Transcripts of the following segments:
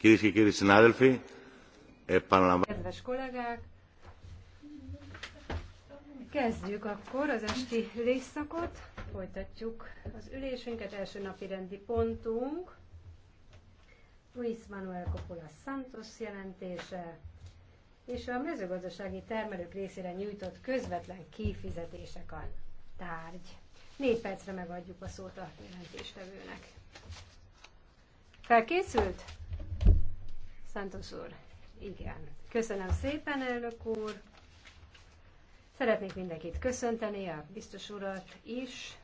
Kedves kollégák, kezdjük akkor az esti részszakot, folytatjuk az ülésünket, első napi rendi pontunk, Luis Manuel Coppola Santos jelentése, és a mezőgazdasági termelők részére nyújtott közvetlen kifizetések a tárgy. Négy percre megadjuk a szót a jelentéstevőnek. Felkészült? Szentos úr, igen. Köszönöm szépen, elnök úr. Szeretnék mindenkit köszönteni, a biztos urat is.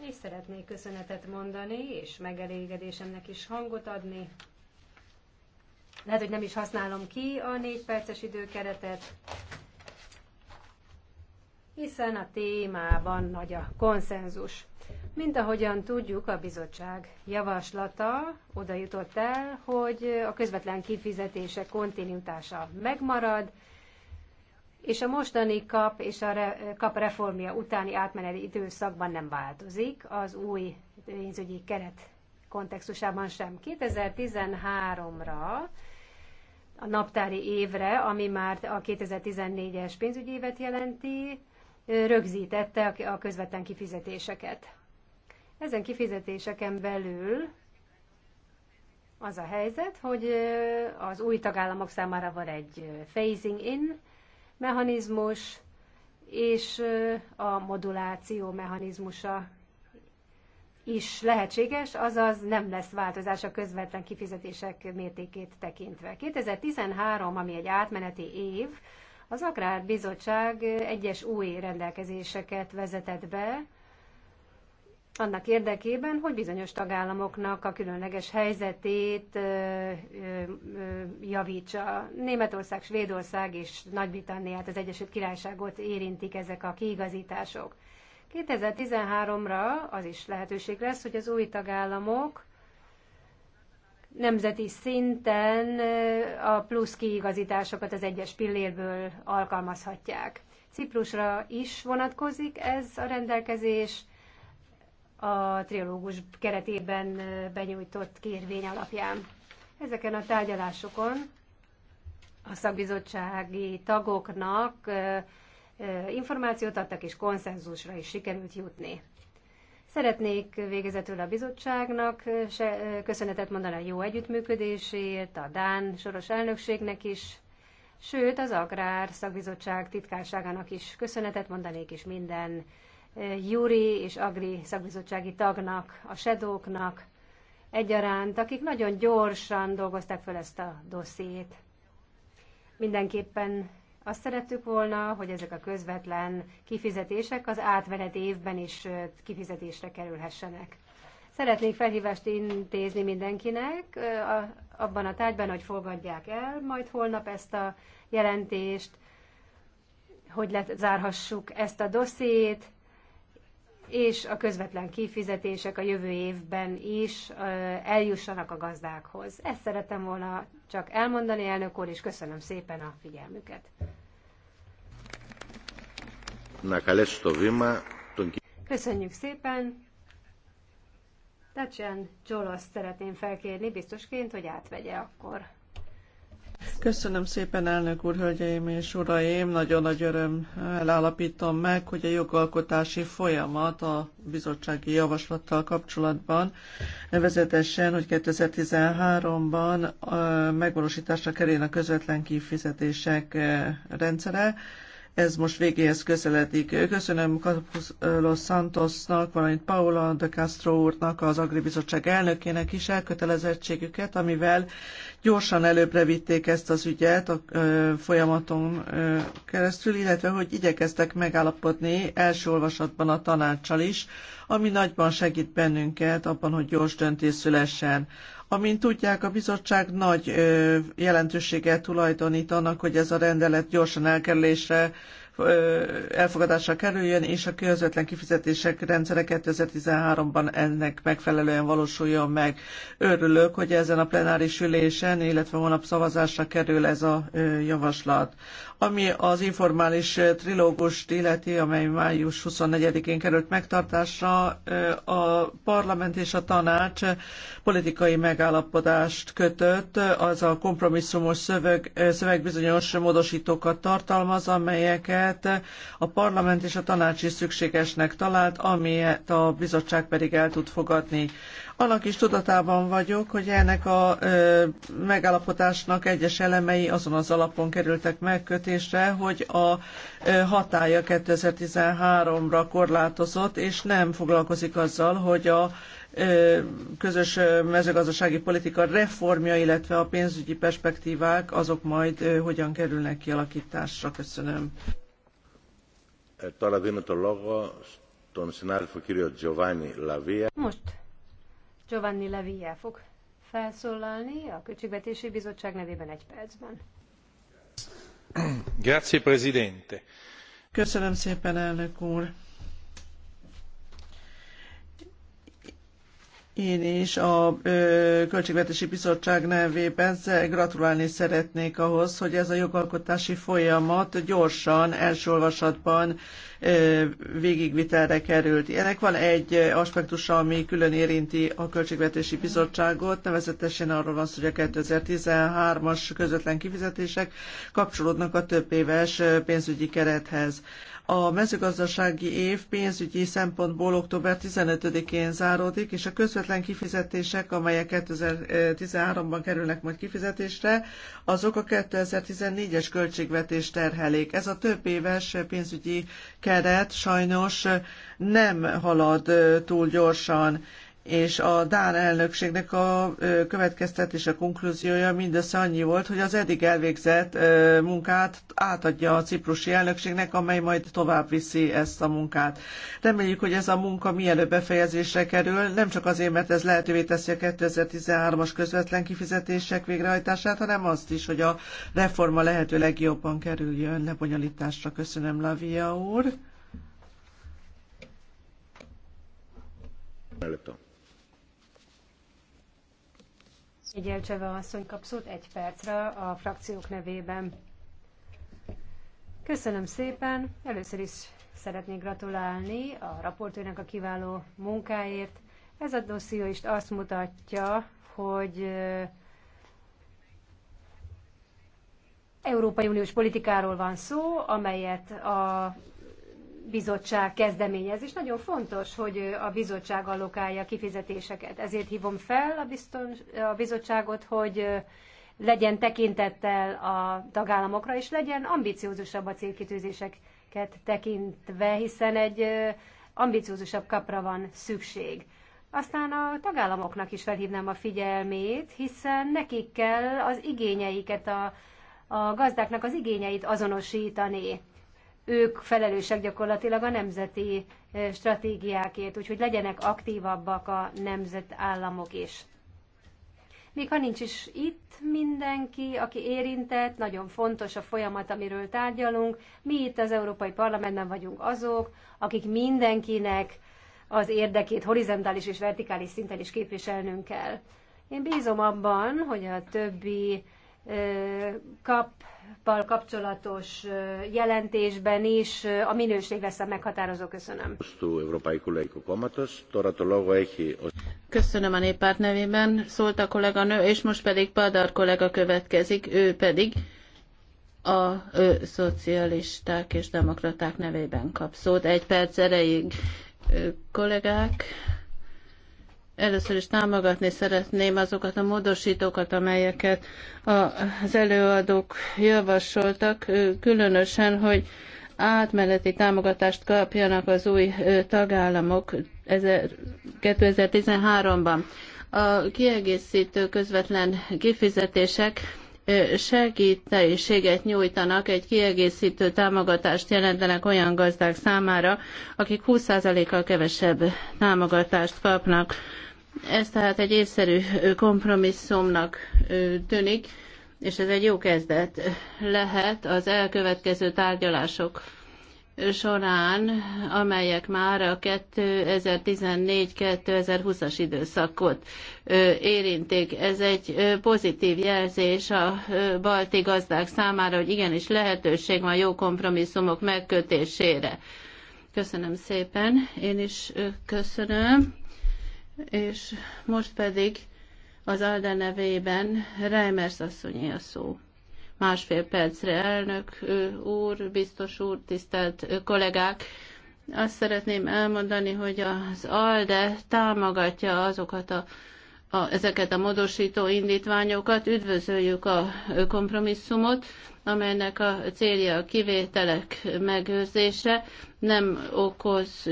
És szeretnék köszönetet mondani, és megelégedésemnek is hangot adni. Lehet, hogy nem is használom ki a négy perces időkeretet, hiszen a témában nagy a konszenzus. Mint ahogyan tudjuk, a bizottság javaslata oda jutott el, hogy a közvetlen kifizetése kontinuitása megmarad, és a mostani kap és a kap reformja utáni átmeneti időszakban nem változik, az új pénzügyi keret kontextusában sem. 2013-ra a naptári évre, ami már a 2014-es pénzügyi évet jelenti, rögzítette a közvetlen kifizetéseket. Ezen kifizetéseken belül az a helyzet, hogy az új tagállamok számára van egy phasing in mechanizmus, és a moduláció mechanizmusa is lehetséges, azaz nem lesz változás a közvetlen kifizetések mértékét tekintve. 2013, ami egy átmeneti év, az Agrárbizottság egyes új rendelkezéseket vezetett be, annak érdekében, hogy bizonyos tagállamoknak a különleges helyzetét javítsa. Németország, Svédország és Nagy-Britanniát, az Egyesült Királyságot érintik ezek a kiigazítások. 2013-ra az is lehetőség lesz, hogy az új tagállamok nemzeti szinten a plusz kiigazításokat az egyes pillérből alkalmazhatják. Ciprusra is vonatkozik ez a rendelkezés, a triológus keretében benyújtott kérvény alapján. Ezeken a tárgyalásokon a szakbizottsági tagoknak információt adtak, és konszenzusra is sikerült jutni. Szeretnék végezetül a bizottságnak köszönetet mondani a jó együttműködésért, a Dán soros elnökségnek is, sőt az Agrár Szakbizottság titkárságának is köszönetet mondanék, és minden Júri és Agri szakbizottsági tagnak, a sedóknak egyaránt, akik nagyon gyorsan dolgozták fel ezt a dossziét. Mindenképpen azt szerettük volna, hogy ezek a közvetlen kifizetések az átvenet évben is kifizetésre kerülhessenek. Szeretnék felhívást intézni mindenkinek abban a tárgyban, hogy fogadják el majd holnap ezt a jelentést, hogy lezárhassuk ezt a dossziét, és a közvetlen kifizetések a jövő évben is eljussanak a gazdákhoz. Ezt szeretem volna csak elmondani, elnök úr, és köszönöm szépen a figyelmüket. Köszönjük szépen! Tacsen Csoloszt szeretném felkérni biztosként, hogy átvegye akkor Köszönöm szépen, elnök úr, hölgyeim és uraim! Nagyon nagy öröm elállapítom meg, hogy a jogalkotási folyamat a bizottsági javaslattal kapcsolatban nevezetesen, hogy 2013-ban megvalósításra kerül a közvetlen kifizetések rendszere, ez most végéhez közeledik. Köszönöm Capulos Santosnak, valamint Paula de Castro úrnak, az Agribizottság elnökének is elkötelezettségüket, amivel gyorsan előbbre vitték ezt az ügyet a folyamaton keresztül, illetve hogy igyekeztek megállapodni első olvasatban a tanácsal is, ami nagyban segít bennünket abban, hogy gyors döntés szülessen. Amint tudják, a bizottság nagy jelentőséget tulajdonít annak, hogy ez a rendelet gyorsan elkerülésre elfogadásra kerüljön, és a közvetlen kifizetések rendszere 2013-ban ennek megfelelően valósuljon meg. Örülök, hogy ezen a plenáris ülésen, illetve holnap szavazásra kerül ez a javaslat. Ami az informális eh, trilógust illeti, amely május 24-én került megtartásra, eh, a parlament és a tanács politikai megállapodást kötött, az a kompromisszumos szöveg, eh, szöveg bizonyos módosítókat tartalmaz, amelyeket a parlament és a tanács is szükségesnek talált, amelyet a bizottság pedig el tud fogadni. Annak is tudatában vagyok, hogy ennek a ö, megállapodásnak egyes elemei azon az alapon kerültek megkötésre, hogy a ö, hatája 2013-ra korlátozott, és nem foglalkozik azzal, hogy a ö, közös mezőgazdasági politika reformja, illetve a pénzügyi perspektívák, azok majd ö, hogyan kerülnek kialakításra. Köszönöm. Most Giovanni Levia fog felszólalni a Költségvetési Bizottság nevében egy percben. Grazie, Presidente. Köszönöm szépen, elnök úr. Én is a ö, Költségvetési Bizottság nevében gratulálni szeretnék ahhoz, hogy ez a jogalkotási folyamat gyorsan, első olvasatban végigvitelre került. Ennek van egy aspektusa, ami külön érinti a Költségvetési Bizottságot, nevezetesen arról van szó, hogy a 2013-as közvetlen kifizetések kapcsolódnak a több éves pénzügyi kerethez. A mezőgazdasági év pénzügyi szempontból október 15-én záródik, és a közvetlen kifizetések, amelyek 2013-ban kerülnek majd kifizetésre, azok a 2014-es költségvetés terhelék. Ez a több éves pénzügyi keret sajnos nem halad túl gyorsan és a Dán elnökségnek a következtetés, a konklúziója mindössze annyi volt, hogy az eddig elvégzett munkát átadja a ciprusi elnökségnek, amely majd tovább viszi ezt a munkát. Reméljük, hogy ez a munka mielőbb befejezésre kerül, nem csak azért, mert ez lehetővé teszi a 2013-as közvetlen kifizetések végrehajtását, hanem azt is, hogy a reforma lehető legjobban kerüljön lebonyolításra. Köszönöm, Lavia úr. Előttem. Egyelcseve asszony kap szót egy percre a frakciók nevében. Köszönöm szépen. Először is szeretnék gratulálni a raportőrnek a kiváló munkáért. Ez a dosszió is azt mutatja, hogy Európai Uniós politikáról van szó, amelyet a bizottság kezdeményez, és nagyon fontos, hogy a bizottság allokálja kifizetéseket. Ezért hívom fel a, bizton, a bizottságot, hogy legyen tekintettel a tagállamokra, és legyen ambiciózusabb a célkitűzéseket tekintve, hiszen egy ambiciózusabb kapra van szükség. Aztán a tagállamoknak is felhívnám a figyelmét, hiszen nekik kell az igényeiket, a, a gazdáknak az igényeit azonosítani ők felelősek gyakorlatilag a nemzeti eh, stratégiákért, úgyhogy legyenek aktívabbak a nemzetállamok is. Még ha nincs is itt mindenki, aki érintett, nagyon fontos a folyamat, amiről tárgyalunk. Mi itt az Európai Parlamentben vagyunk azok, akik mindenkinek az érdekét horizontális és vertikális szinten is képviselnünk kell. Én bízom abban, hogy a többi ö, eh, kap pal kapcsolatos jelentésben is a minőség lesz a meghatározó. Köszönöm. Köszönöm a néppárt nevében. Szólt a kolléganő, és most pedig Padar kollega következik, ő pedig a ő, szocialisták és demokraták nevében kap szót. Egy perc erejéig kollégák. Először is támogatni szeretném azokat a módosítókat, amelyeket az előadók javasoltak, különösen, hogy átmeneti támogatást kapjanak az új tagállamok 2013-ban. A kiegészítő közvetlen kifizetések segítséget nyújtanak, egy kiegészítő támogatást jelentenek olyan gazdák számára, akik 20%-kal kevesebb támogatást kapnak ez tehát egy észszerű kompromisszumnak tűnik, és ez egy jó kezdet lehet az elkövetkező tárgyalások során, amelyek már a 2014-2020-as időszakot érintik. Ez egy pozitív jelzés a balti gazdák számára, hogy igenis lehetőség van jó kompromisszumok megkötésére. Köszönöm szépen, én is köszönöm és most pedig az Alda nevében Reimers asszonyé a szó. Másfél percre elnök úr, biztos úr, tisztelt kollégák, azt szeretném elmondani, hogy az ALDE támogatja azokat a a, ezeket a módosító indítványokat, üdvözöljük a kompromisszumot, amelynek a célja a kivételek megőrzése, nem okoz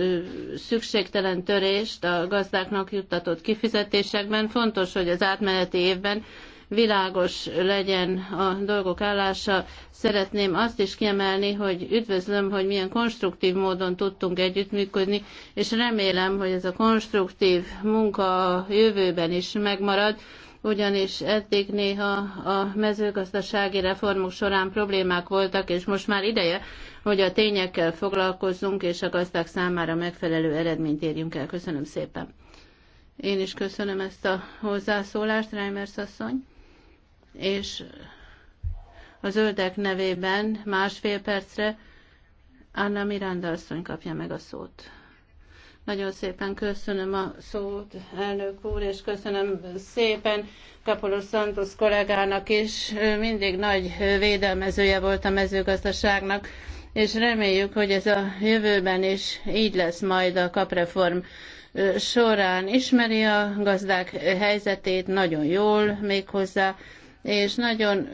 szükségtelen törést a gazdáknak juttatott kifizetésekben. Fontos, hogy az átmeneti évben világos legyen a dolgok állása. Szeretném azt is kiemelni, hogy üdvözlöm, hogy milyen konstruktív módon tudtunk együttműködni, és remélem, hogy ez a konstruktív munka a jövőben is megmarad ugyanis eddig néha a mezőgazdasági reformok során problémák voltak, és most már ideje, hogy a tényekkel foglalkozzunk, és a gazdák számára megfelelő eredményt érjünk el. Köszönöm szépen. Én is köszönöm ezt a hozzászólást, Reimers asszony és a zöldek nevében másfél percre Anna Miranda asszony kapja meg a szót. Nagyon szépen köszönöm a szót, elnök úr, és köszönöm szépen Kapolos Santos kollégának is. Ő mindig nagy védelmezője volt a mezőgazdaságnak, és reméljük, hogy ez a jövőben is így lesz majd a kapreform során. Ismeri a gazdák helyzetét nagyon jól méghozzá, és nagyon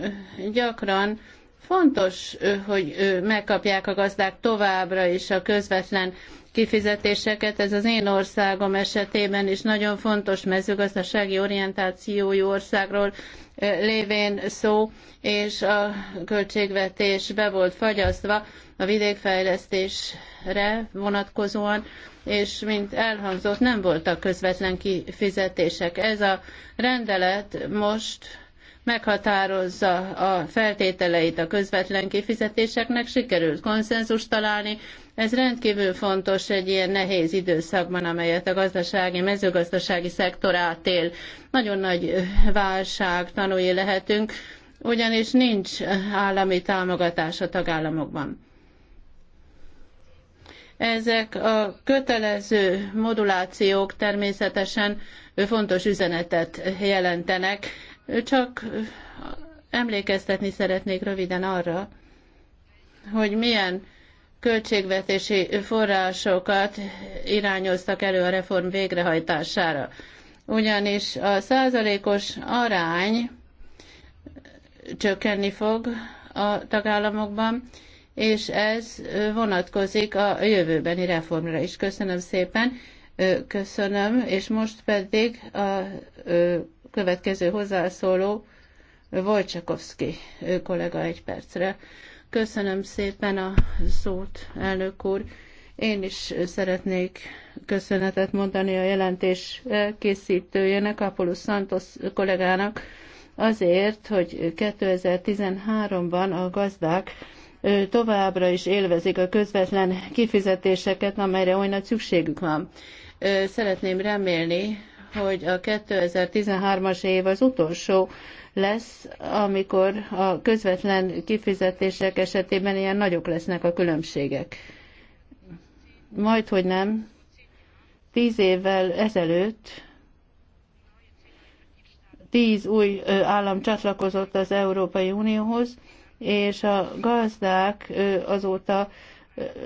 gyakran fontos, hogy megkapják a gazdák továbbra is a közvetlen kifizetéseket. Ez az én országom esetében is nagyon fontos mezőgazdasági orientációjú országról lévén szó, és a költségvetés be volt fagyasztva a vidékfejlesztésre vonatkozóan, és mint elhangzott, nem voltak közvetlen kifizetések. Ez a rendelet most meghatározza a feltételeit a közvetlen kifizetéseknek, sikerült konszenzus találni. Ez rendkívül fontos egy ilyen nehéz időszakban, amelyet a gazdasági, mezőgazdasági szektor átél. Nagyon nagy válság tanulni lehetünk, ugyanis nincs állami támogatás a tagállamokban. Ezek a kötelező modulációk természetesen fontos üzenetet jelentenek, csak emlékeztetni szeretnék röviden arra, hogy milyen költségvetési forrásokat irányoztak elő a reform végrehajtására. Ugyanis a százalékos arány csökkenni fog a tagállamokban, és ez vonatkozik a jövőbeni reformra is. Köszönöm szépen, köszönöm, és most pedig a Következő hozzászóló Wojciechowski kollega egy percre. Köszönöm szépen a szót, elnök úr. Én is szeretnék köszönetet mondani a jelentés készítőjének, Apollo Santos kollégának, azért, hogy 2013-ban a gazdák továbbra is élvezik a közvetlen kifizetéseket, amelyre olyan szükségük van. Szeretném remélni, hogy a 2013-as év az utolsó lesz, amikor a közvetlen kifizetések esetében ilyen nagyok lesznek a különbségek. Majd, hogy nem, tíz évvel ezelőtt tíz új állam csatlakozott az Európai Unióhoz, és a gazdák azóta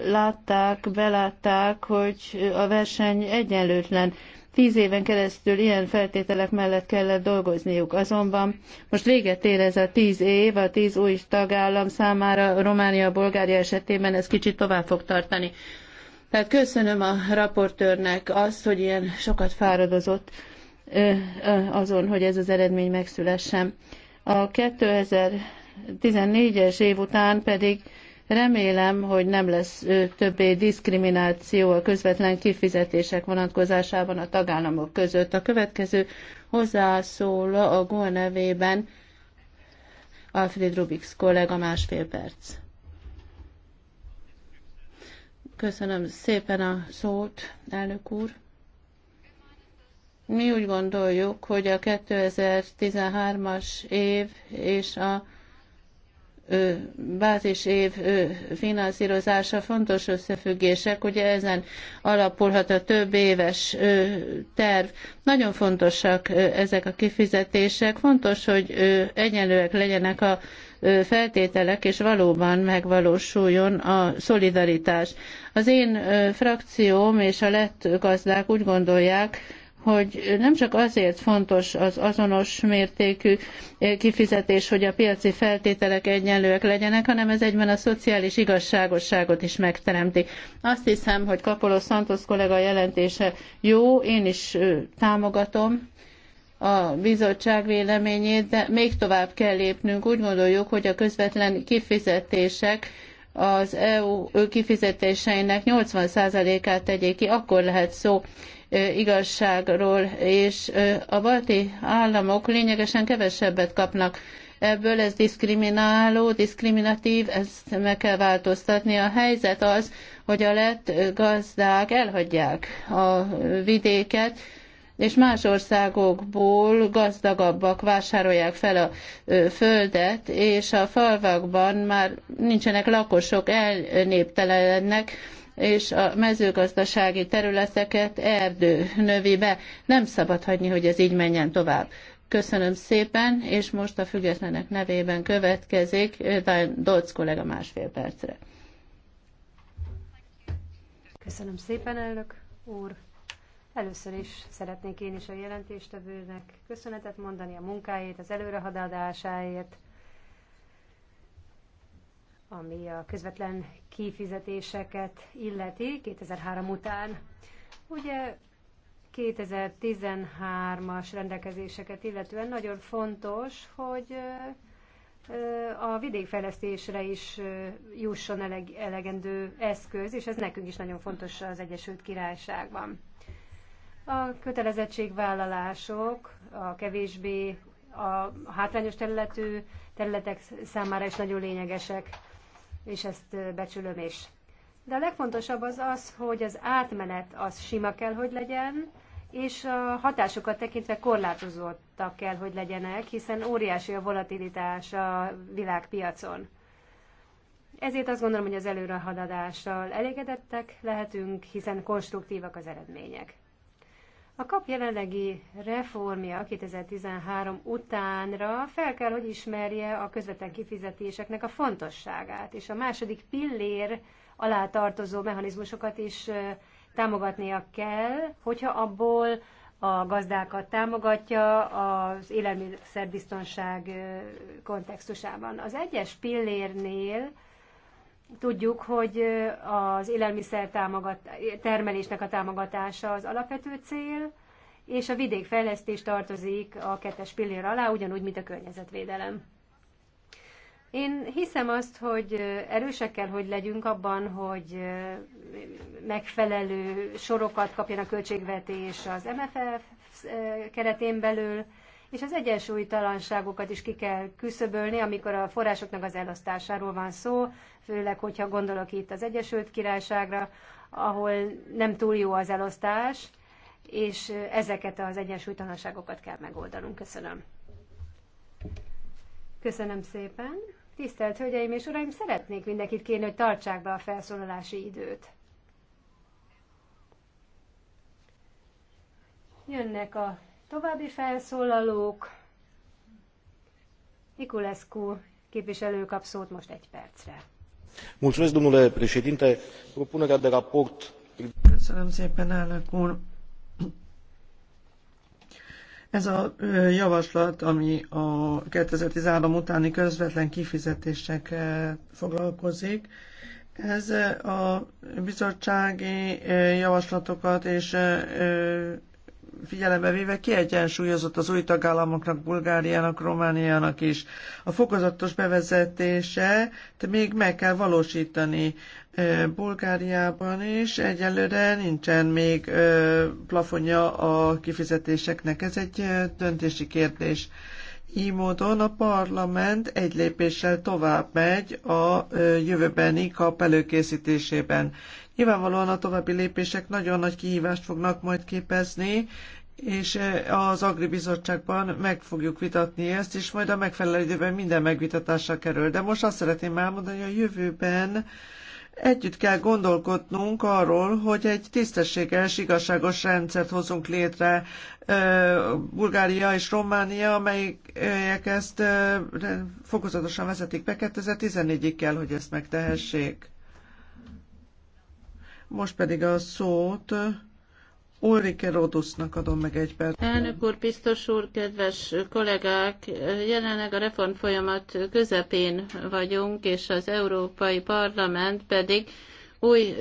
látták, belátták, hogy a verseny egyenlőtlen Tíz éven keresztül ilyen feltételek mellett kellett dolgozniuk. Azonban most véget ér ez a tíz év, a tíz új tagállam számára Románia, Bulgária esetében ez kicsit tovább fog tartani. Tehát köszönöm a raportőrnek azt, hogy ilyen sokat fáradozott azon, hogy ez az eredmény megszülessen. A 2014-es év után pedig Remélem, hogy nem lesz többé diszkrimináció a közvetlen kifizetések vonatkozásában a tagállamok között. A következő hozzászóló a GOL nevében Alfred Rubix kollega másfél perc. Köszönöm szépen a szót, elnök úr. Mi úgy gondoljuk, hogy a 2013-as év és a bázis év finanszírozása fontos összefüggések, ugye ezen alapulhat a több éves terv. Nagyon fontosak ezek a kifizetések, fontos, hogy egyenlőek legyenek a feltételek, és valóban megvalósuljon a szolidaritás. Az én frakcióm és a lett gazdák úgy gondolják, hogy nem csak azért fontos az azonos mértékű eh, kifizetés, hogy a piaci feltételek egyenlőek legyenek, hanem ez egyben a szociális igazságosságot is megteremti. Azt hiszem, hogy Kapoló Santos kollega jelentése jó, én is eh, támogatom a bizottság véleményét, de még tovább kell lépnünk. Úgy gondoljuk, hogy a közvetlen kifizetések az EU kifizetéseinek 80%-át tegyék ki, akkor lehet szó igazságról, és a balti államok lényegesen kevesebbet kapnak ebből, ez diszkrimináló, diszkriminatív, ezt meg kell változtatni. A helyzet az, hogy a lett gazdák elhagyják a vidéket, és más országokból gazdagabbak vásárolják fel a földet, és a falvakban már nincsenek lakosok, elnéptelenek, és a mezőgazdasági területeket erdő növi be. Nem szabad hagyni, hogy ez így menjen tovább. Köszönöm szépen, és most a függetlenek nevében következik Dolc kollega másfél percre. Köszönöm szépen, elnök úr. Először is szeretnék én is a jelentéstevőnek köszönetet mondani a munkáért, az előrehadadásáért, ami a közvetlen kifizetéseket illeti 2003 után. Ugye 2013-as rendelkezéseket illetően nagyon fontos, hogy a vidékfejlesztésre is jusson elegendő eszköz, és ez nekünk is nagyon fontos az Egyesült Királyságban. A kötelezettségvállalások a kevésbé a hátrányos területű területek számára is nagyon lényegesek és ezt becsülöm is. De a legfontosabb az az, hogy az átmenet az sima kell, hogy legyen, és a hatásokat tekintve korlátozottak kell, hogy legyenek, hiszen óriási a volatilitás a világpiacon. Ezért azt gondolom, hogy az előrehaladással elégedettek lehetünk, hiszen konstruktívak az eredmények. A kap jelenlegi reformja 2013 utánra fel kell, hogy ismerje a közvetlen kifizetéseknek a fontosságát, és a második pillér alá tartozó mechanizmusokat is támogatnia kell, hogyha abból a gazdákat támogatja az élelmiszerbiztonság kontextusában. Az egyes pillérnél Tudjuk, hogy az élelmiszer támogat, termelésnek a támogatása az alapvető cél, és a vidékfejlesztés tartozik a kettes pillér alá, ugyanúgy, mint a környezetvédelem. Én hiszem azt, hogy erősek kell, hogy legyünk abban, hogy megfelelő sorokat kapjon a költségvetés az MFF keretén belül, és az egyensúlytalanságokat is ki kell küszöbölni, amikor a forrásoknak az elosztásáról van szó, főleg, hogyha gondolok itt az Egyesült Királyságra, ahol nem túl jó az elosztás, és ezeket az egyensúlytalanságokat kell megoldanunk. Köszönöm. Köszönöm szépen. Tisztelt Hölgyeim és Uraim, szeretnék mindenkit kérni, hogy tartsák be a felszólalási időt. Jönnek a További felszólalók. Niculescu képviselő kap szót most egy percre. Mulțumesc, domnule președinte. Propunerea de raport... Köszönöm szépen, elnök úr. Ez a javaslat, ami a 2013 utáni közvetlen kifizetésekkel foglalkozik, ez a bizottsági javaslatokat és figyelembe véve kiegyensúlyozott az új tagállamoknak, Bulgáriának, Romániának is. A fokozatos bevezetése még meg kell valósítani. Bulgáriában is egyelőre nincsen még plafonja a kifizetéseknek. Ez egy döntési kérdés. Így módon a parlament egy lépéssel tovább megy a jövőbeni kap előkészítésében. Nyilvánvalóan a további lépések nagyon nagy kihívást fognak majd képezni, és eh, az Agri Bizottságban meg fogjuk vitatni ezt, és majd a megfelelő időben minden megvitatásra kerül. De most azt szeretném elmondani, hogy a jövőben együtt kell gondolkodnunk arról, hogy egy tisztességes, igazságos rendszert hozunk létre eh, Bulgária és Románia, amelyek ezt eh, fokozatosan vezetik be. 2014-ig kell, hogy ezt megtehessék. Most pedig a szót Ulrike Rodusznak adom meg egy percet. Elnök úr, biztos úr, kedves kollégák! Jelenleg a reform folyamat közepén vagyunk, és az Európai Parlament pedig új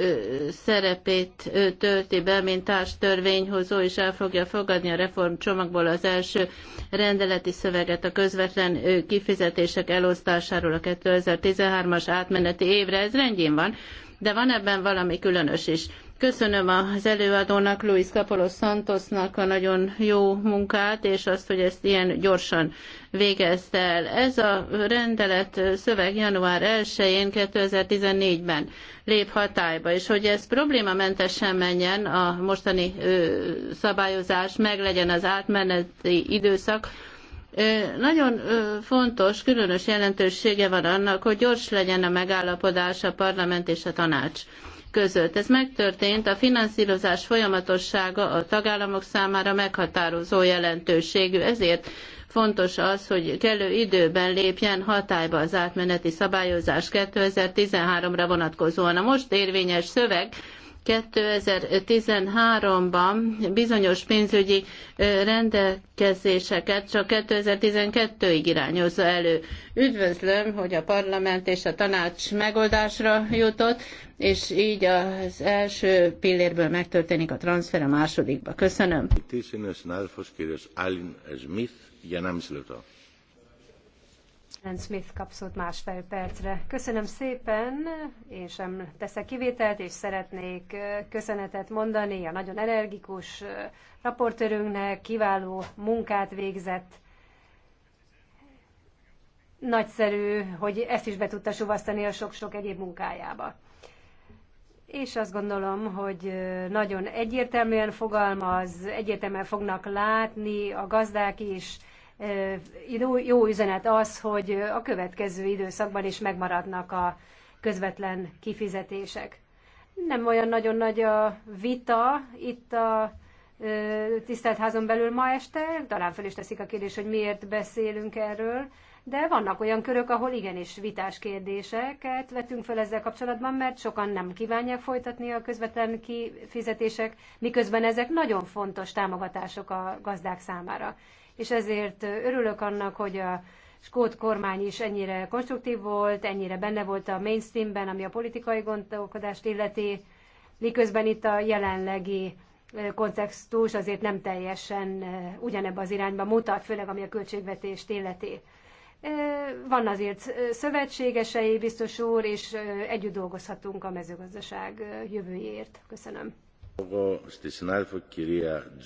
szerepét tölti be, mint társtörvényhozó, és el fogja fogadni a csomagból az első rendeleti szöveget a közvetlen kifizetések elosztásáról a 2013-as átmeneti évre. Ez rendjén van, de van ebben valami különös is Köszönöm az előadónak, Luis Capolos Santosnak a nagyon jó munkát, és azt, hogy ezt ilyen gyorsan végezte el. Ez a rendelet szöveg január 1-én 2014-ben lép hatályba, és hogy ez problémamentesen menjen a mostani szabályozás, meg legyen az átmeneti időszak, nagyon fontos, különös jelentősége van annak, hogy gyors legyen a megállapodás a parlament és a tanács között. Ez megtörtént, a finanszírozás folyamatossága a tagállamok számára meghatározó jelentőségű, ezért fontos az, hogy kellő időben lépjen hatályba az átmeneti szabályozás 2013-ra vonatkozóan. A most érvényes szöveg 2013-ban bizonyos pénzügyi rendelkezéseket csak 2012-ig irányozza elő. Üdvözlöm, hogy a parlament és a tanács megoldásra jutott, és így az első pillérből megtörténik a transfer a másodikba. Köszönöm. Len Smith kapszott másfél percre. Köszönöm szépen, én sem teszek kivételt, és szeretnék köszönetet mondani a nagyon energikus raportőrünknek, kiváló munkát végzett. Nagyszerű, hogy ezt is be tudta suvasztani a sok-sok egyéb munkájába. És azt gondolom, hogy nagyon egyértelműen fogalmaz, egyértelműen fognak látni a gazdák is, jó üzenet az, hogy a következő időszakban is megmaradnak a közvetlen kifizetések. Nem olyan nagyon nagy a vita itt a tisztelt házon belül ma este, talán fel is teszik a kérdés, hogy miért beszélünk erről, de vannak olyan körök, ahol igenis vitás kérdéseket vetünk fel ezzel kapcsolatban, mert sokan nem kívánják folytatni a közvetlen kifizetések, miközben ezek nagyon fontos támogatások a gazdák számára és ezért örülök annak, hogy a skót kormány is ennyire konstruktív volt, ennyire benne volt a mainstreamben, ami a politikai gondolkodást illeti, miközben itt a jelenlegi kontextus azért nem teljesen ugyanebben az irányba mutat, főleg ami a költségvetést illeti. Van azért szövetségesei, biztos úr, és együtt dolgozhatunk a mezőgazdaság jövőjéért. Köszönöm.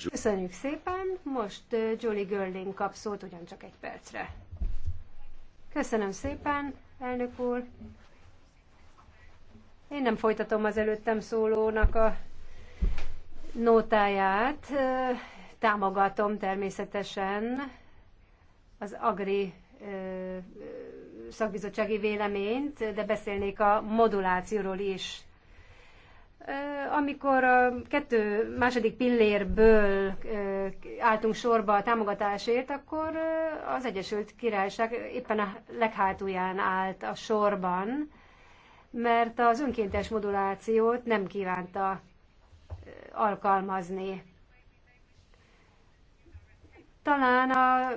Köszönjük szépen, most Julie Görling kap szót ugyancsak egy percre. Köszönöm szépen, elnök úr. Én nem folytatom az előttem szólónak a nótáját. Támogatom természetesen az Agri szakbizottsági véleményt, de beszélnék a modulációról is. Amikor a kettő második pillérből álltunk sorba a támogatásért, akkor az Egyesült Királyság éppen a leghátulján állt a sorban, mert az önkéntes modulációt nem kívánta alkalmazni. Talán a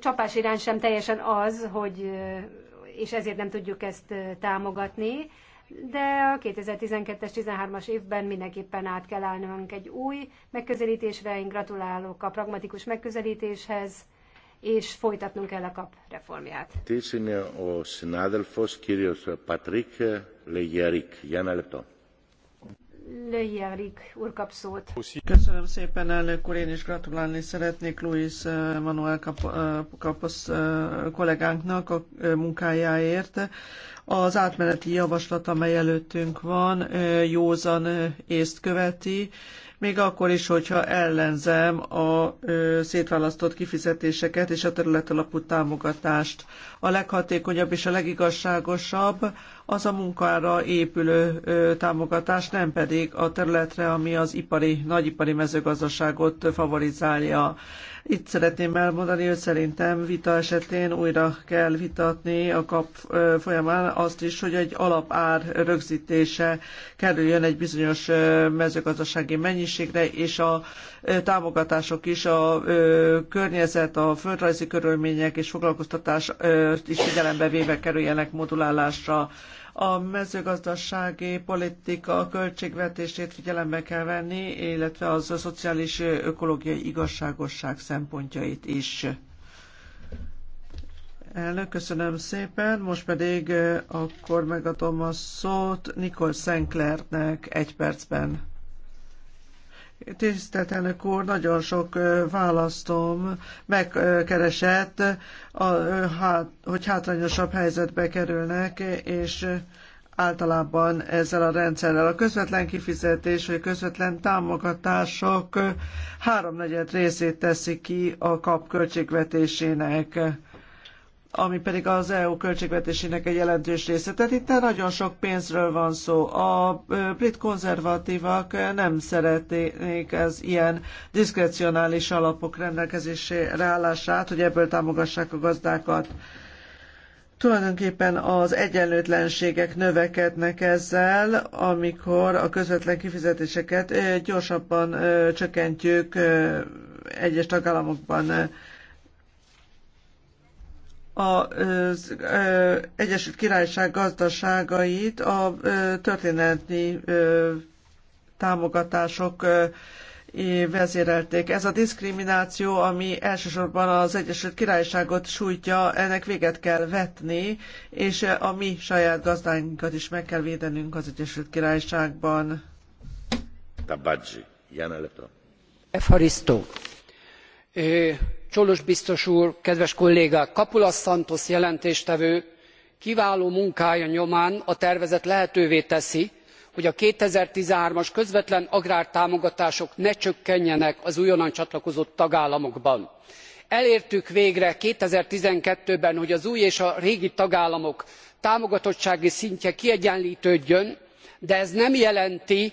csapás irány sem teljesen az, hogy, és ezért nem tudjuk ezt támogatni, de a 2012-es, 13-as évben mindenképpen át kell állnunk egy új megközelítésre. Én gratulálok a pragmatikus megközelítéshez, és folytatnunk kell a kap reformját. Patrick Lejerik. úr Köszönöm szépen, elnök úr, én is gratulálni szeretnék Luis Manuel Kapasz kollégánknak a munkájáért. Az átmeneti javaslat, amely előttünk van, józan észt követi, még akkor is, hogyha ellenzem a szétválasztott kifizetéseket és a területalapú támogatást. A leghatékonyabb és a legigazságosabb az a munkára épülő támogatás, nem pedig a területre, ami az ipari, nagyipari mezőgazdaságot favorizálja. Itt szeretném elmondani, hogy szerintem vita esetén újra kell vitatni a kap folyamán azt is, hogy egy alapár rögzítése kerüljön egy bizonyos mezőgazdasági mennyiségre, és a támogatások is a környezet, a földrajzi körülmények és foglalkoztatás is figyelembe véve kerüljenek modulálásra a mezőgazdasági politika költségvetését figyelembe kell venni, illetve az a szociális ökológiai igazságosság szempontjait is. Elnök, köszönöm szépen. Most pedig akkor megadom a szót Nikol Szenklernek egy percben. Tisztelt elnök úr, nagyon sok választom megkeresett, hát, hogy hátrányosabb helyzetbe kerülnek, és általában ezzel a rendszerrel. A közvetlen kifizetés vagy közvetlen támogatások háromnegyed részét teszi ki a kap költségvetésének ami pedig az EU költségvetésének egy jelentős része. Tehát itt nagyon sok pénzről van szó. A brit konzervatívak nem szeretnék az ilyen diszkrecionális alapok rendelkezésére állását, hogy ebből támogassák a gazdákat. Tulajdonképpen az egyenlőtlenségek növekednek ezzel, amikor a közvetlen kifizetéseket gyorsabban csökkentjük egyes tagállamokban az Egyesült Királyság gazdaságait a történelmi támogatások vezérelték. Ez a diszkrimináció, ami elsősorban az Egyesült Királyságot sújtja, ennek véget kell vetni, és a mi saját gazdáinkat is meg kell védenünk az Egyesült Királyságban. Tabadzsi, Jana Efaristo ciolo biztos úr kedves kollégák capoulas santos jelentéstevő kiváló munkája nyomán a tervezet lehetővé teszi hogy a two thousand and thirteen as közvetlen agrártámogatások ne csökkenjenek az újonnan csatlakozott tagállamokban. elértük végre two thousand and twelve ben hogy az új és a régi tagállamok támogatottsági szintje kiegyenltődjön de ez nem jelenti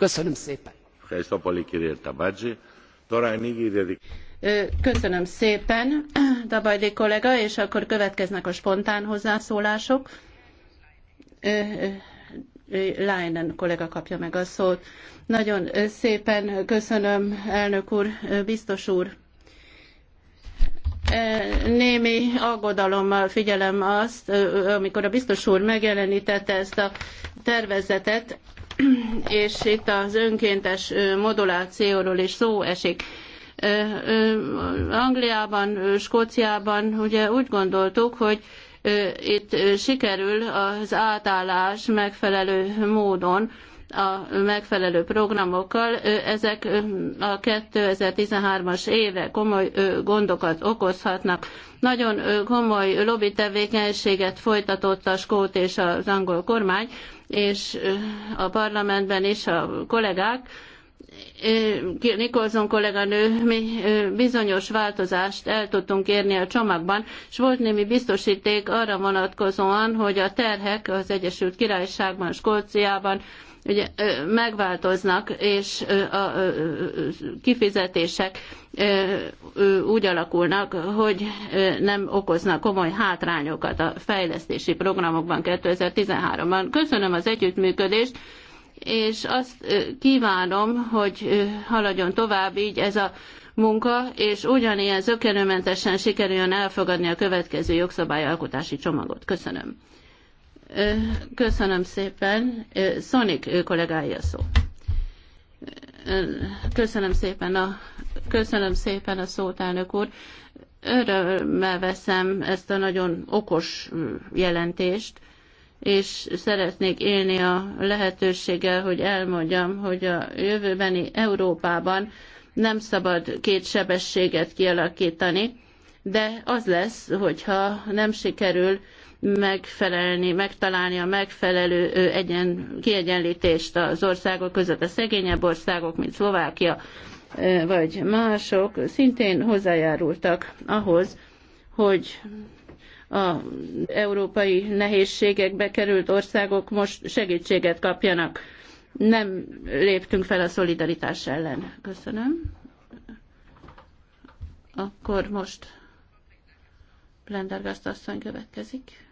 Köszönöm szépen! Köszönöm szépen, Dabajdi kollega, és akkor következnek a spontán hozzászólások. Leinen kollega kapja meg a szót. Nagyon szépen köszönöm, elnök úr, biztos úr. Némi aggodalommal figyelem azt, amikor a biztos úr megjelenítette ezt a tervezetet, és itt az önkéntes modulációról is szó esik. Angliában, Skóciában ugye úgy gondoltuk, hogy itt sikerül az átállás megfelelő módon, a megfelelő programokkal. Ezek a 2013-as évre komoly gondokat okozhatnak. Nagyon komoly lobby tevékenységet folytatott a skót és az angol kormány, és a parlamentben is a kollégák, Nikolson kolléganő, mi bizonyos változást el tudtunk érni a csomagban, és volt némi biztosíték arra vonatkozóan, hogy a terhek az Egyesült Királyságban, Skóciában, ugye megváltoznak, és a kifizetések úgy alakulnak, hogy nem okoznak komoly hátrányokat a fejlesztési programokban 2013-ban. Köszönöm az együttműködést, és azt kívánom, hogy haladjon tovább így ez a munka, és ugyanilyen zökkenőmentesen sikerüljön elfogadni a következő jogszabályalkotási csomagot. Köszönöm. Köszönöm szépen. Szonik kollégája szó. Köszönöm szépen a, köszönöm szépen a szót, elnök úr. Örömmel veszem ezt a nagyon okos jelentést és szeretnék élni a lehetőséggel, hogy elmondjam, hogy a jövőbeni Európában nem szabad két sebességet kialakítani, de az lesz, hogyha nem sikerül megfelelni, megtalálni a megfelelő egyen, kiegyenlítést az országok között. A szegényebb országok, mint Szlovákia vagy mások, szintén hozzájárultak ahhoz, hogy a európai nehézségekbe került országok most segítséget kapjanak. Nem léptünk fel a szolidaritás ellen. Köszönöm. Akkor most Blendergast asszony következik.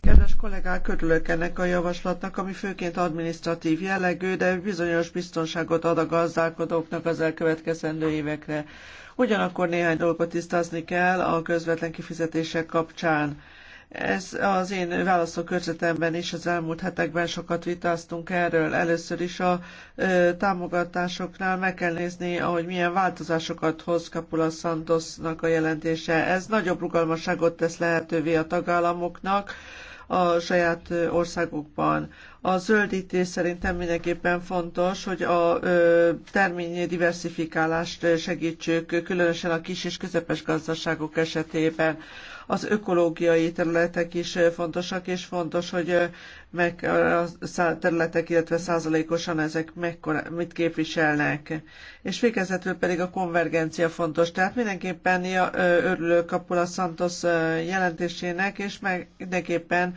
Kedves kollégák, örülök ennek a javaslatnak, ami főként adminisztratív jellegű, de bizonyos biztonságot ad a gazdálkodóknak az elkövetkezendő évekre. Ugyanakkor néhány dolgot tisztázni kell a közvetlen kifizetések kapcsán. Ez az én választókörzetemben is az elmúlt hetekben sokat vitáztunk erről. Először is a ö, támogatásoknál meg kell nézni, ahogy milyen változásokat hoz Kapula Santosnak a jelentése. Ez nagyobb rugalmasságot tesz lehetővé a tagállamoknak, a saját országukban. A zöldítés szerintem mindenképpen fontos, hogy a termény diversifikálást segítsük, különösen a kis és közepes gazdaságok esetében az ökológiai területek is eh, fontosak, és fontos, hogy eh, meg a területek, illetve százalékosan ezek mekkora, mit képviselnek. És végezetül pedig a konvergencia fontos. Tehát mindenképpen eh, örülök a Pula Santos jelentésének, és meg mindenképpen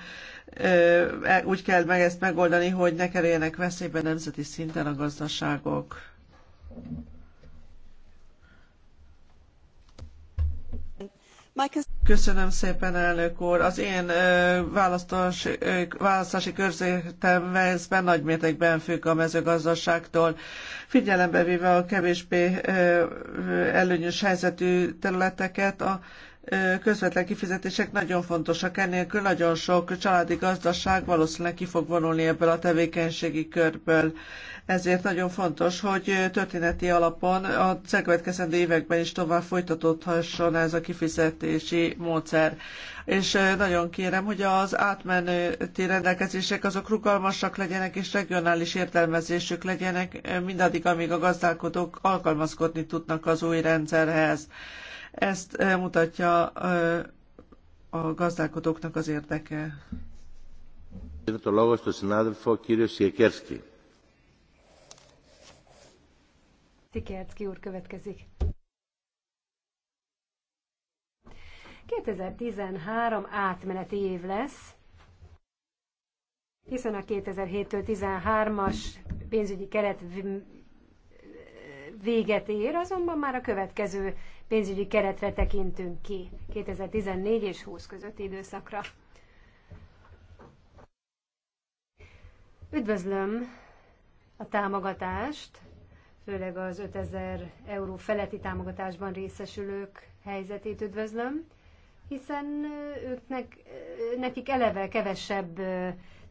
e, úgy kell meg ezt megoldani, hogy ne kerüljenek veszélybe nemzeti szinten a gazdaságok. Köszönöm szépen, elnök úr. Az én választási, választási körzetem Velszben nagy mértékben függ a mezőgazdaságtól. Figyelembe véve a kevésbé előnyös helyzetű területeket, a közvetlen kifizetések nagyon fontosak, ennélkül nagyon sok családi gazdaság valószínűleg ki fog vonulni ebből a tevékenységi körből. Ezért nagyon fontos, hogy történeti alapon a következő években is tovább folytatódhasson ez a kifizetési módszer. És nagyon kérem, hogy az átmenőti rendelkezések azok rugalmasak legyenek és regionális értelmezésük legyenek mindaddig, amíg a gazdálkodók alkalmazkodni tudnak az új rendszerhez ezt mutatja a gazdálkodóknak az érdeke. Το λόγο úr következik. 2013 átmeneti év lesz, hiszen a 2007-től 13-as pénzügyi keret véget ér, azonban már a következő pénzügyi keretre tekintünk ki 2014 és 20 közötti időszakra. Üdvözlöm a támogatást, főleg az 5000 euró feletti támogatásban részesülők helyzetét üdvözlöm, hiszen őknek, nekik eleve kevesebb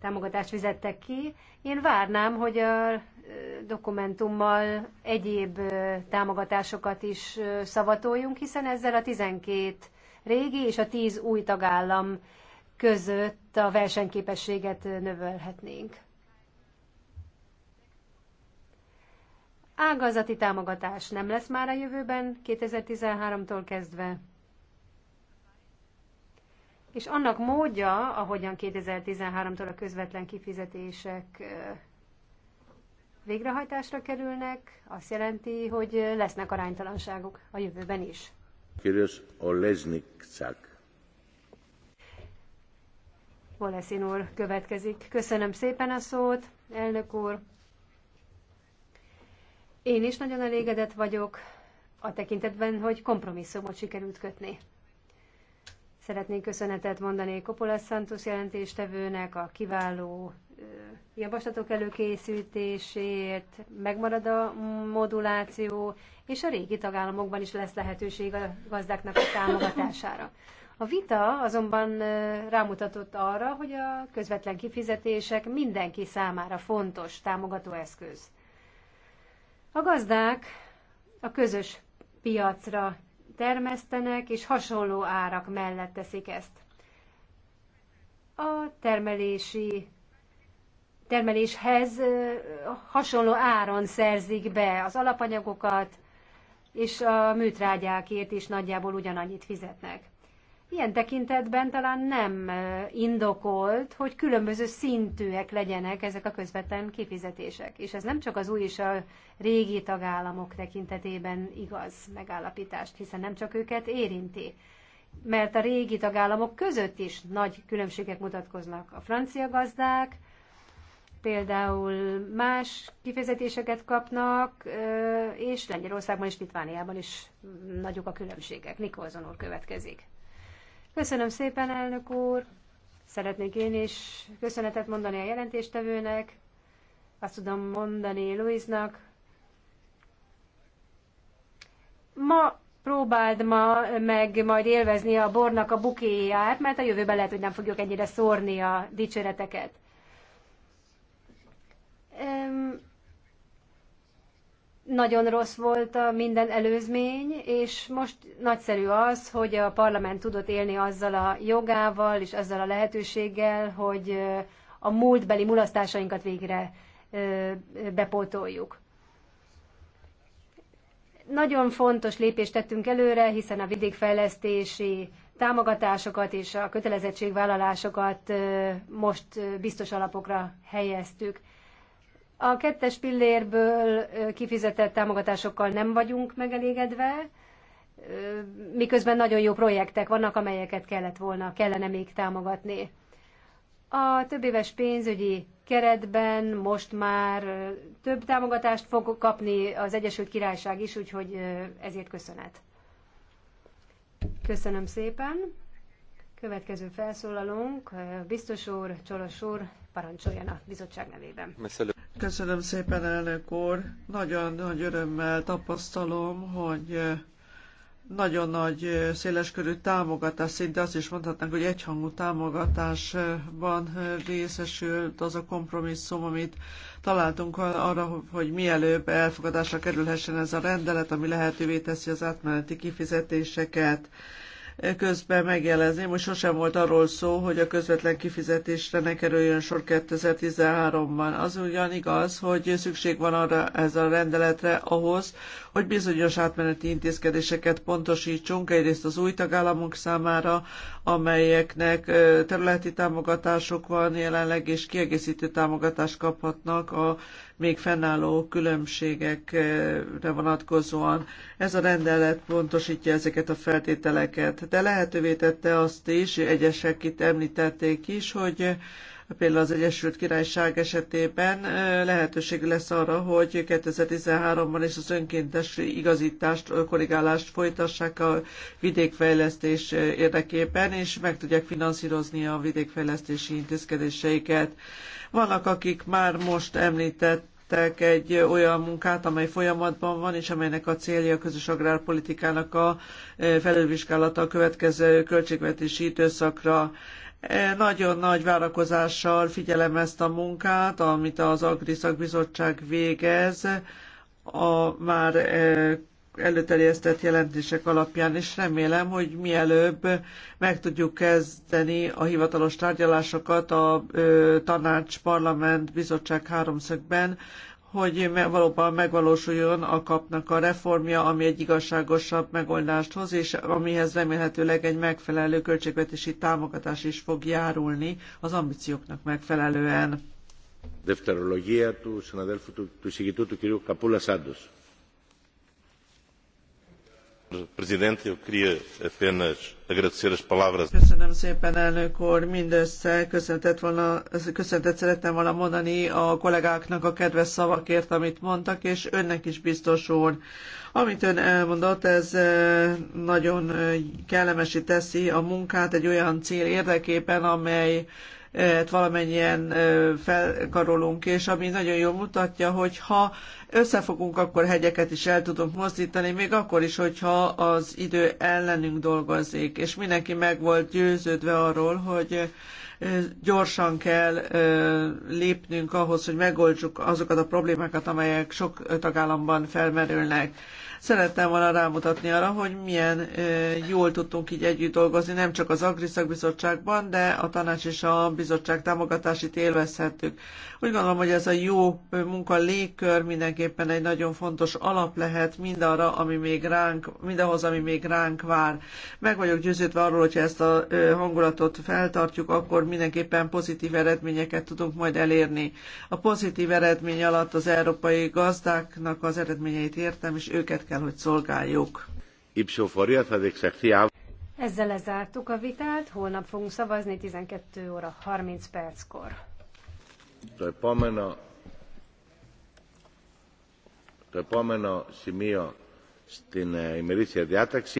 támogatást fizettek ki. Én várnám, hogy a dokumentummal egyéb támogatásokat is szavatoljunk, hiszen ezzel a 12 régi és a 10 új tagállam között a versenyképességet növelhetnénk. Ágazati támogatás nem lesz már a jövőben, 2013-tól kezdve. És annak módja, ahogyan 2013-tól a közvetlen kifizetések végrehajtásra kerülnek, azt jelenti, hogy lesznek aránytalanságok a jövőben is. Kérdés a Leznikczák. Boleszin úr következik. Köszönöm szépen a szót, elnök úr. Én is nagyon elégedett vagyok a tekintetben, hogy kompromisszumot sikerült kötni Szeretnék köszönetet mondani Kopolas Santos jelentéstevőnek a kiváló javaslatok előkészítésért, megmarad a moduláció, és a régi tagállamokban is lesz lehetőség a gazdáknak a támogatására. A vita azonban rámutatott arra, hogy a közvetlen kifizetések mindenki számára fontos támogató eszköz. A gazdák a közös piacra termesztenek, és hasonló árak mellett teszik ezt. A termelési termeléshez hasonló áron szerzik be az alapanyagokat, és a műtrágyákért is nagyjából ugyanannyit fizetnek. Ilyen tekintetben talán nem indokolt, hogy különböző szintűek legyenek ezek a közvetlen kifizetések. És ez nem csak az új és a régi tagállamok tekintetében igaz megállapítást, hiszen nem csak őket érinti. Mert a régi tagállamok között is nagy különbségek mutatkoznak. A francia gazdák például más kifizetéseket kapnak, és Lengyelországban és Litvániában is nagyok a különbségek. Nikolzon úr következik. Köszönöm szépen, elnök úr! Szeretnék én is köszönetet mondani a jelentéstevőnek, azt tudom mondani Luisnak. Ma próbáld ma meg majd élvezni a bornak a bukéját, mert a jövőben lehet, hogy nem fogjuk ennyire szórni a dicséreteket nagyon rossz volt a minden előzmény, és most nagyszerű az, hogy a parlament tudott élni azzal a jogával és azzal a lehetőséggel, hogy a múltbeli mulasztásainkat végre bepótoljuk. Nagyon fontos lépést tettünk előre, hiszen a vidékfejlesztési támogatásokat és a kötelezettségvállalásokat most biztos alapokra helyeztük. A kettes pillérből kifizetett támogatásokkal nem vagyunk megelégedve, miközben nagyon jó projektek vannak, amelyeket kellett volna, kellene még támogatni. A több éves pénzügyi keretben most már több támogatást fog kapni az Egyesült Királyság is, úgyhogy ezért köszönet. Köszönöm szépen. Következő felszólalónk, biztos úr, Csoros úr, parancsoljon a bizottság nevében. Köszönöm szépen, elnök úr. Nagyon nagy örömmel tapasztalom, hogy nagyon nagy széleskörű támogatás, szinte azt is mondhatnánk, hogy egyhangú támogatásban részesült az a kompromisszum, amit találtunk arra, hogy mielőbb elfogadásra kerülhessen ez a rendelet, ami lehetővé teszi az átmeneti kifizetéseket. Közben megjelezném, hogy sosem volt arról szó, hogy a közvetlen kifizetésre ne kerüljön sor 2013-ban. Az ugyan igaz, hogy szükség van arra ez a rendeletre ahhoz, hogy bizonyos átmeneti intézkedéseket pontosítsunk egyrészt az új tagállamok számára, amelyeknek területi támogatások van jelenleg, és kiegészítő támogatást kaphatnak a még fennálló különbségekre vonatkozóan. Ez a rendelet pontosítja ezeket a feltételeket, de lehetővé tette azt is, egyesek itt említették is, hogy például az Egyesült Királyság esetében lehetőség lesz arra, hogy 2013-ban is az önkéntes igazítást, korrigálást folytassák a vidékfejlesztés érdekében, és meg tudják finanszírozni a vidékfejlesztési intézkedéseiket. Vannak, akik már most említett egy olyan munkát, amely folyamatban van, és amelynek a célja a közös agrárpolitikának a felülvizsgálata a következő költségvetési időszakra. Nagyon nagy várakozással figyelem ezt a munkát, amit az Agri Szakbizottság végez a már e, előterjesztett jelentések alapján, és remélem, hogy mielőbb meg tudjuk kezdeni a hivatalos tárgyalásokat a e, tanács, parlament, bizottság háromszögben hogy valóban megvalósuljon a kapnak a reformja, ami egy igazságosabb megoldást hoz, és amihez remélhetőleg egy megfelelő költségvetési támogatás is fog járulni az ambícióknak megfelelően. Δευτερολογία του συναδέλφου του, του του κ. Καπούλα Σάντος. Köszönöm szépen, elnök úr. Mindössze köszöntet, volna, köszöntet szerettem volna mondani a kollégáknak a kedves szavakért, amit mondtak, és önnek is biztos úr. Amit ön elmondott, ez eh, nagyon eh, kellemesi teszi a munkát egy olyan cél érdekében, amely Eh, valamennyien eh, felkarolunk, és ami nagyon jól mutatja, hogy ha összefogunk, akkor hegyeket is el tudunk mozdítani, még akkor is, hogyha az idő ellenünk dolgozik, és mindenki meg volt győződve arról, hogy eh, gyorsan kell lépnünk ahhoz, hogy megoldjuk azokat a problémákat, amelyek sok tagállamban felmerülnek. Szerettem volna rámutatni arra, hogy milyen jól tudtunk így együtt dolgozni, nem csak az Agri bizottságban, de a tanács és a bizottság támogatását élvezhettük. Úgy gondolom, hogy ez a jó munka légkör mindenképpen egy nagyon fontos alap lehet mindarra, ami még ránk, mindahhoz, ami még ránk vár. Meg vagyok győződve arról, hogyha ezt a hangulatot feltartjuk, akkor mindenképpen pozitív eredményeket tudunk majd elérni. A pozitív eredmény alatt az európai gazdáknak az eredményeit értem, és őket kell kell, hogy szolgáljuk. Ezzel lezártuk a vitát, holnap fogunk szavazni 12 óra 30 perckor. Το επόμενο, σημείο στην ημερήσια διάταξη